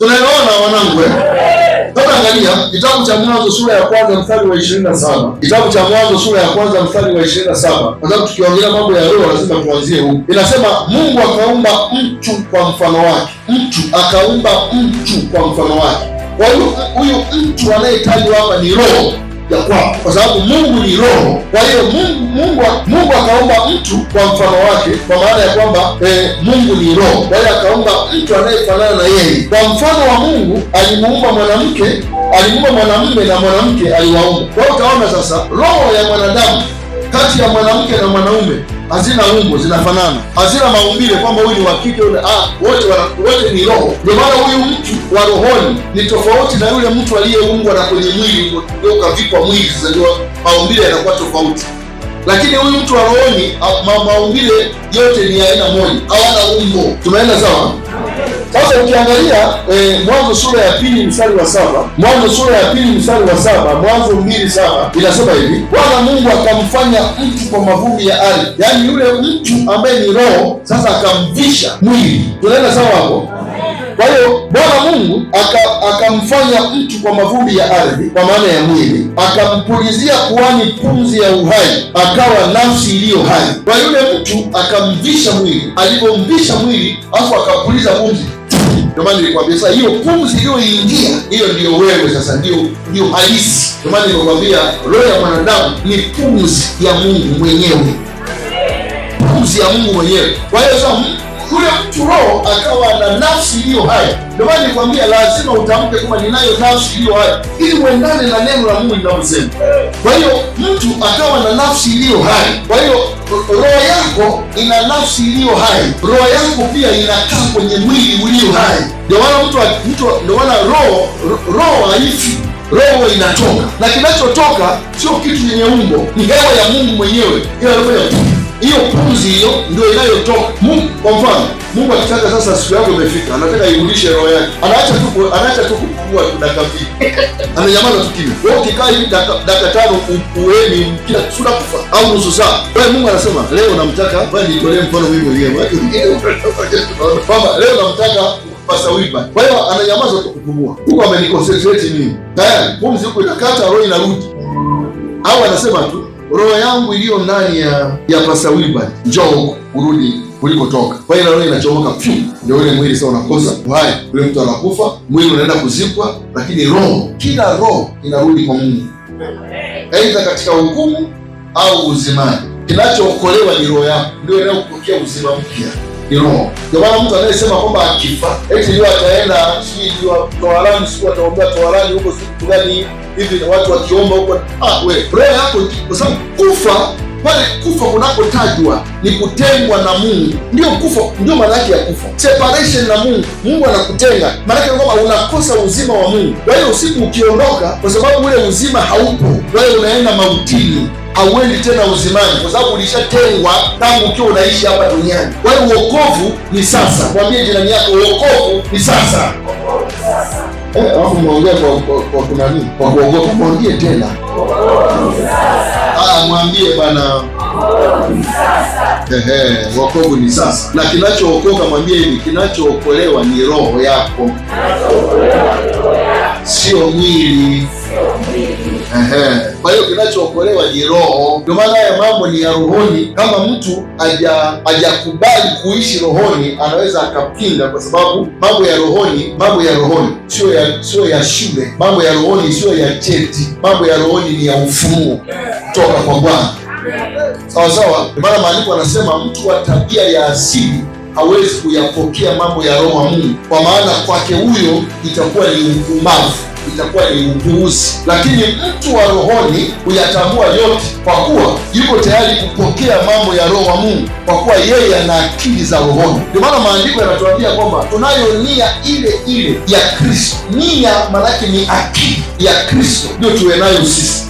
tunaona wanangu, eh? sasa angalia kitabu cha Mwanzo sura ya kwanza mstari wa 27. kitabu cha Mwanzo sura ya kwanza mstari wa 27 na kwa sababu tukiongelea mambo ya roho lazima tuanzie huku. Inasema Mungu akaumba mtu kwa mfano wake, mtu akaumba mtu kwa mfano wake. Kwa hiyo huyu mtu anayetajwa hapa ni roho ya kwao, kwa sababu Mungu ni roho. Kwa hiyo Mungu Mungu Mungu akaumba mtu kwa mfano wake, kwa maana ya kwamba e, Mungu ni roho. Kwa hiyo akaumba mtu anayefanana na yeye kwa mfano wa Mungu. Alimuumba mwanamke, alimuumba mwanamume na mwanamke aliwaumba. Kwa hiyo utaona sasa roho ya mwanadamu kati ya mwanamke na mwanaume hazina umbo, zinafanana, hazina maumbile kwamba huyu ni wa kike, ah, wote ni roho. Ndio maana huyu mtu wa rohoni ni tofauti na yule mtu aliyeungwa na kwenye mwili ukavikwa mwili. Sasa ndio maumbile yanakuwa tofauti, lakini huyu mtu wa rohoni maumbile yote ni aina moja, hawana umbo. Tunaenda sawa? Sasa ukiangalia eh, Mwanzo sura ya pili mstari wa saba Mwanzo sura ya pili mstari wa saba Mwanzo mbili saba inasema hivi, Bwana Mungu akamfanya mtu kwa mavumbi ya ardhi, yaani yule mtu ambaye ni roho, sasa akamvisha mwili. Tunaenda sawa hapo? Kwa hiyo Bwana Mungu akamfanya aka mtu kwa mavumbi ya ardhi, kwa maana ya mwili, akampulizia puani pumzi ya uhai, akawa nafsi iliyo hai. Kwa yule mtu akamvisha mwili, alipomvisha mwili afu akapuliza pumzi ndio maana nilikwambia sasa, hiyo pumzi iliyoingia hiyo ndio wewe sasa, ndio ndio halisi. Ndio maana nilikwambia roho ya mwanadamu ni pumzi ya Mungu mwenyewe, pumzi ya Mungu mwenyewe. Kwa hiyo sasa yule mtu roho akawa na nafsi iliyo hai. Ndio maana nilikwambia lazima utamke kama ninayo nafsi iliyo hai, ili uendane na neno la Mungu linavyosema. Kwa hiyo mtu akawa na nafsi iliyo hai, kwa hiyo roho yako ina nafsi iliyo hai, roho yako pia inakaa kwenye mwili ulio hai. Ndio maana mtu mtu, ndio maana roho roho haifi, roho inatoka, na kinachotoka sio kitu chenye umbo, ni hewa ya Mungu mwenyewe, ile Mungu hiyo pumzi hiyo ndio inayotoka Mungu. Kwa mfano, Mungu akitaka sasa siku yako imefika, anataka irudishe roho yake, anaacha tu anaacha tu kupumua dakika kafi ananyamaza tu kimya. Wewe ukikaa hivi dakika tano uweni kila sura kufa au nusu saa, wewe Mungu anasema leo namtaka, bali nitolee mfano mimi mwenyewe wewe kwamba leo namtaka Pasawimba. Kwa hiyo ananyamaza tu kupumua, huko amenikonsentrate mimi tayari, pumzi huko inakata, roho inarudi, au anasema tu roho yangu iliyo ndani ya ya Pasawibani, njoo huko urudi ulikotoka. Kwa hiyo roho inachomoka pyu, ndio ule mwili sasa unakosa uhai, ule mtu anakufa, mwili unaenda kuzikwa, lakini roho, kila roho inarudi kwa Mungu, aidha katika hukumu au uzimani. Kinachookolewa ni roho yako, ndio inayokupokea uzima mpya ni Ndio maana mtu anayesema kwamba akifa eti leo ataenda sijui toharani, siku ataombea toharani huko siku gani hivi, watu wakiomba huko, ah, we roho yako, kwa sababu kufa pale kufa kunakotajwa ni kutengwa na Mungu. Ndio kufa, ndio maana yake ya kufa, separation na Mungu. Mungu anakutenga, maana yake kwamba unakosa uzima wa Mungu. Kwa hiyo usiku ukiondoka, kwa sababu ule uzima haupo, wewe unaenda mautini hauendi tena uzimani, kwa sababu ulishatengwa tangu ukiwa unaishi hapa duniani. Kwa hiyo uokovu ni sasa. Mwambie jirani yako uokovu ni sasa. Eh, alafu mwaongea kwa kunani? Kwa kuogopa. Mwambie tena, mwambie bana wokovu ni sasa, na kinachookoka, mwambie hivi, kinachookolewa ni roho yako, sio mwili. Kwa hiyo kinachookolewa ni roho. Ndio maana haya mambo ni ya rohoni. Kama mtu hajakubali kuishi rohoni, anaweza akapinga, kwa sababu mambo ya rohoni, mambo ya rohoni sio ya sio ya shule, mambo ya rohoni sio ya cheti, mambo ya rohoni ni ya ufunuo kutoka kwa Bwana. Sawa sawa, ndio maana maandiko anasema mtu wa tabia ya asili hawezi kuyapokea mambo ya roho wa Mungu, kwa maana kwake huyo itakuwa ni upumbavu itakuwa ni upuuzi, lakini mtu wa rohoni huyatambua yote, kwa kuwa yuko tayari kupokea mambo ya Roho wa Mungu, kwa kuwa yeye ana akili za rohoni. Ndio maana maandiko yanatuambia kwamba tunayo nia ile ile ya Kristo. Nia maanake ni akili ya Kristo, ndio tuwe nayo sisi.